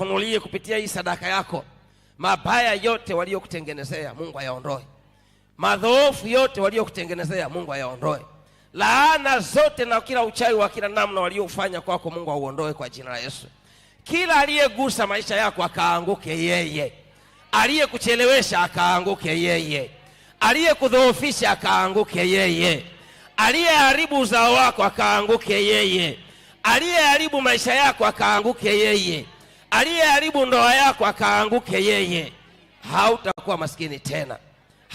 ufunulie kupitia hii sadaka yako mabaya yote waliokutengenezea Mungu ayaondoe, madhoofu yote waliokutengenezea Mungu ayaondoe, laana zote na kila uchawi wa kila namna waliofanya kwako Mungu auondoe kwa jina la Yesu. Kila aliyegusa maisha yako akaanguke yeye, aliyekuchelewesha akaanguke yeye, aliyekudhoofisha akaanguke yeye, aliyeharibu uzao wako akaanguke yeye, aliyeharibu maisha yako akaanguke yeye aliyeharibu ndoa yako akaanguke yeye, hautakuwa maskini tena,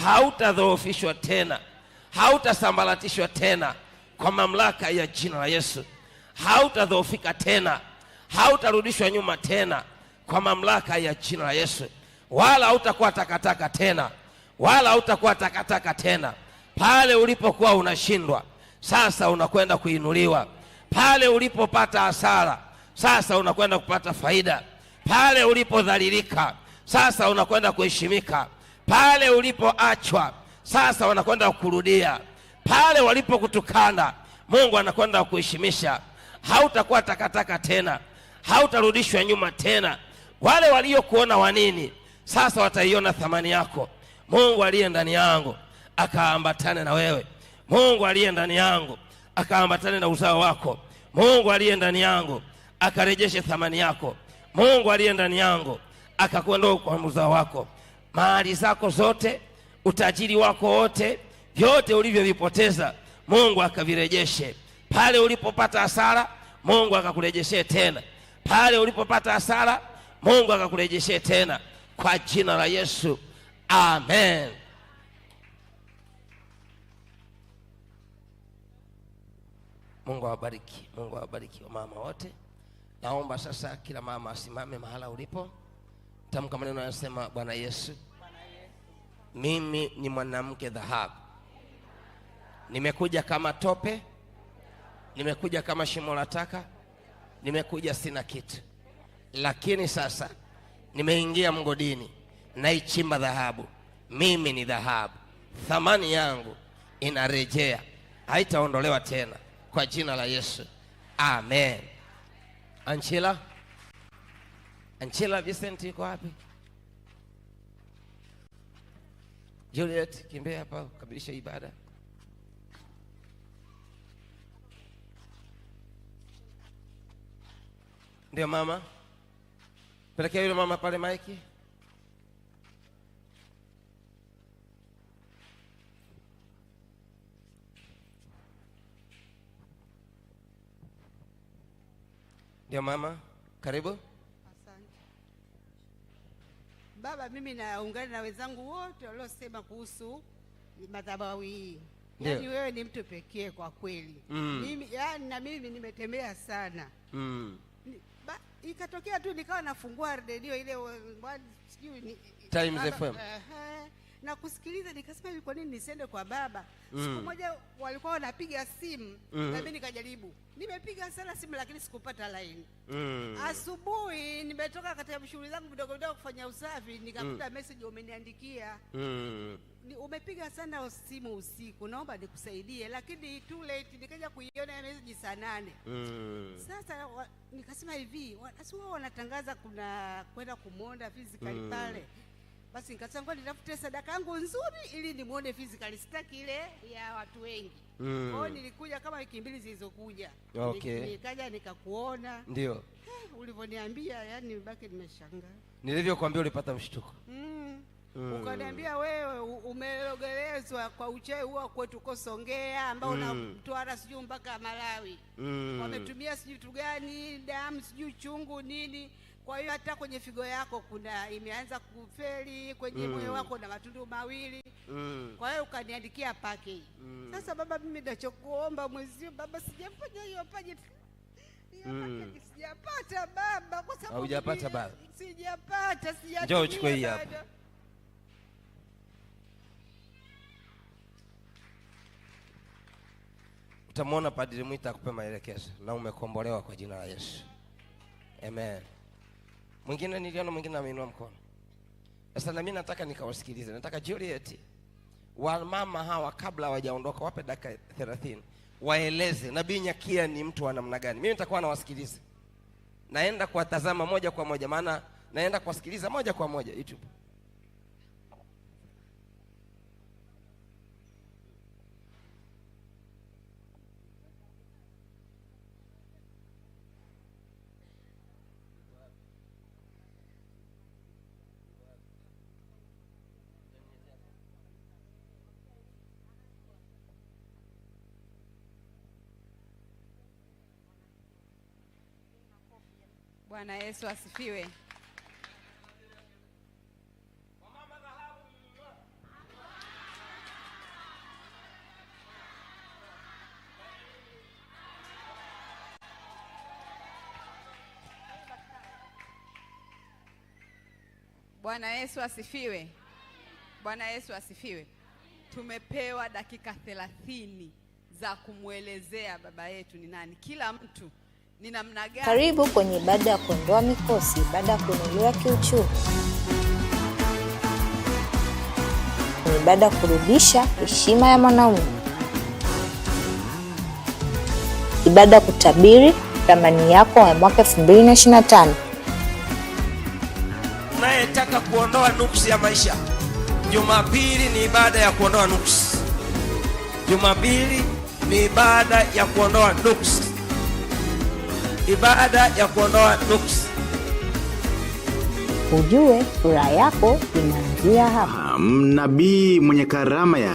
hautadhoofishwa tena, hautasambaratishwa tena, kwa mamlaka ya jina la Yesu hautadhoofika tena, hautarudishwa nyuma tena, kwa mamlaka ya jina la Yesu, wala hautakuwa takataka tena, wala hautakuwa takataka tena. Pale ulipokuwa unashindwa, sasa unakwenda kuinuliwa. Pale ulipopata hasara, sasa unakwenda kupata faida. Pale ulipodhalilika, sasa unakwenda kuheshimika. Pale ulipoachwa, sasa wanakwenda kukurudia. Pale walipokutukana, Mungu anakwenda kukuheshimisha. Hautakuwa takataka tena, hautarudishwa nyuma tena. Wale waliokuona wanini, sasa wataiona thamani yako. Mungu aliye ndani yangu akaambatane na wewe. Mungu aliye ndani yangu akaambatane na uzao wako. Mungu aliye ndani yangu akarejeshe thamani yako. Mungu aliye ndani yangu akakuondoa kwa mzao wako, mali zako zote, utajiri wako wote, vyote ulivyovipoteza Mungu akavirejeshe. Pale ulipopata hasara, Mungu akakurejeshe tena. Pale ulipopata hasara, Mungu akakurejeshe tena, kwa jina la Yesu, amen. Mungu awabariki, Mungu awabariki wamama wote. Naomba sasa kila mama asimame mahala ulipo, tamka maneno anasema: Bwana Yesu, mimi ni mwanamke dhahabu, nimekuja kama tope, nimekuja kama shimo la taka, nimekuja sina kitu, lakini sasa nimeingia mgodini, naichimba dhahabu. Mimi ni dhahabu, thamani yangu inarejea, haitaondolewa tena, kwa jina la Yesu, amen. Anchela, Anchela Vincent yuko wapi? Juliet, kimbea hapa kukamilisha ibada. Ndio mama, pelekea yule mama pale maiki. Ndio mama, karibu. Asante baba, mimi naungana na wenzangu wote waliosema kuhusu madhabahu hii. Yani wewe ni mtu pekee kwa kweli mm. Mimi, yani na mimi nimetembea sana mm. Ba, ikatokea tu nikawa nafungua redio ile sijui Times FM na kusikiliza. Nikasema hivi, kwa nini nisende kwa baba? mm. siku moja walikuwa wanapiga simu mm. nami nikajaribu, nimepiga sana simu lakini sikupata laini mm. Asubuhi nimetoka katika shughuli zangu vidogo vidogo kufanya usafi, nikakuta mm. message umeniandikia mm. umepiga sana simu usiku, naomba nikusaidie, lakini too late. Nikaja kuiona message saa nane mm. Sasa wa, nikasema hivi, wao wanatangaza kuna kwenda kumwonda physically mm. pale basi nikachangua nitafute sadaka yangu nzuri ili nimwone physically, sitaki ile ya watu wengi mm. Kwao nilikuja kama wiki mbili zilizokuja, okay. Nikaja nikakuona, ndio eh, ulivyoniambia, yani nibaki nimeshangaa. Nilivyokuambia ulipata mshtuko mm. Mm. Ukaniambia wewe umelogelezwa kwa uchai huwa kwetu kosongea ambao mm. unamtwara sijui mpaka Malawi mm. wametumia sijui vitu gani damu sijui chungu nini kwa hiyo hata kwenye figo yako kuna imeanza kufeli kwenye mm. moyo mm. wako na matundu mawili mm. kwa hiyo ukaniandikia package mm. Sasa baba, mimi nachokuomba mwezio baba, sijafanya hiyo package mm. Sijapata baba, kwa sababu hujapata baba, sijapata, sijapata. Njoo uchukue hii hapa. Utamwona Padri Mwita akupe maelekezo, na umekombolewa kwa jina la Yesu, amen. Mwingine niliona mwingine ameinua mkono. Sasa na mimi nataka nikawasikilize, nataka Juliet wamama hawa kabla hawajaondoka wape dakika 30 waeleze Nabii Nyakia ni mtu wa namna gani. Mimi nitakuwa nawasikiliza, naenda kuwatazama moja kwa moja, maana naenda kuwasikiliza moja kwa moja YouTube. Bwana Yesu asifiwe. Bwana Yesu asifiwe. Bwana Yesu asifiwe. Tumepewa dakika thelathini za kumwelezea baba yetu ni nani. Kila mtu ni namna gani? Karibu kwenye Baada ya kuondoa mikosi, Baada ya kuinuliwa kiuchumi, kwenye baada ya kurudisha heshima ya mwanaume, ibada ya kutabiri thamani yako ya mwaka 2025. Unayetaka kuondoa nuksi ya maisha, Jumapili ni ibada ya kuondoa nuksi. Jumapili ni ibada ya kuondoa nuksi ibada ya kuondoa nuksi. Ujue furaha yako inaanzia hapa. Nabii mwenye karama ya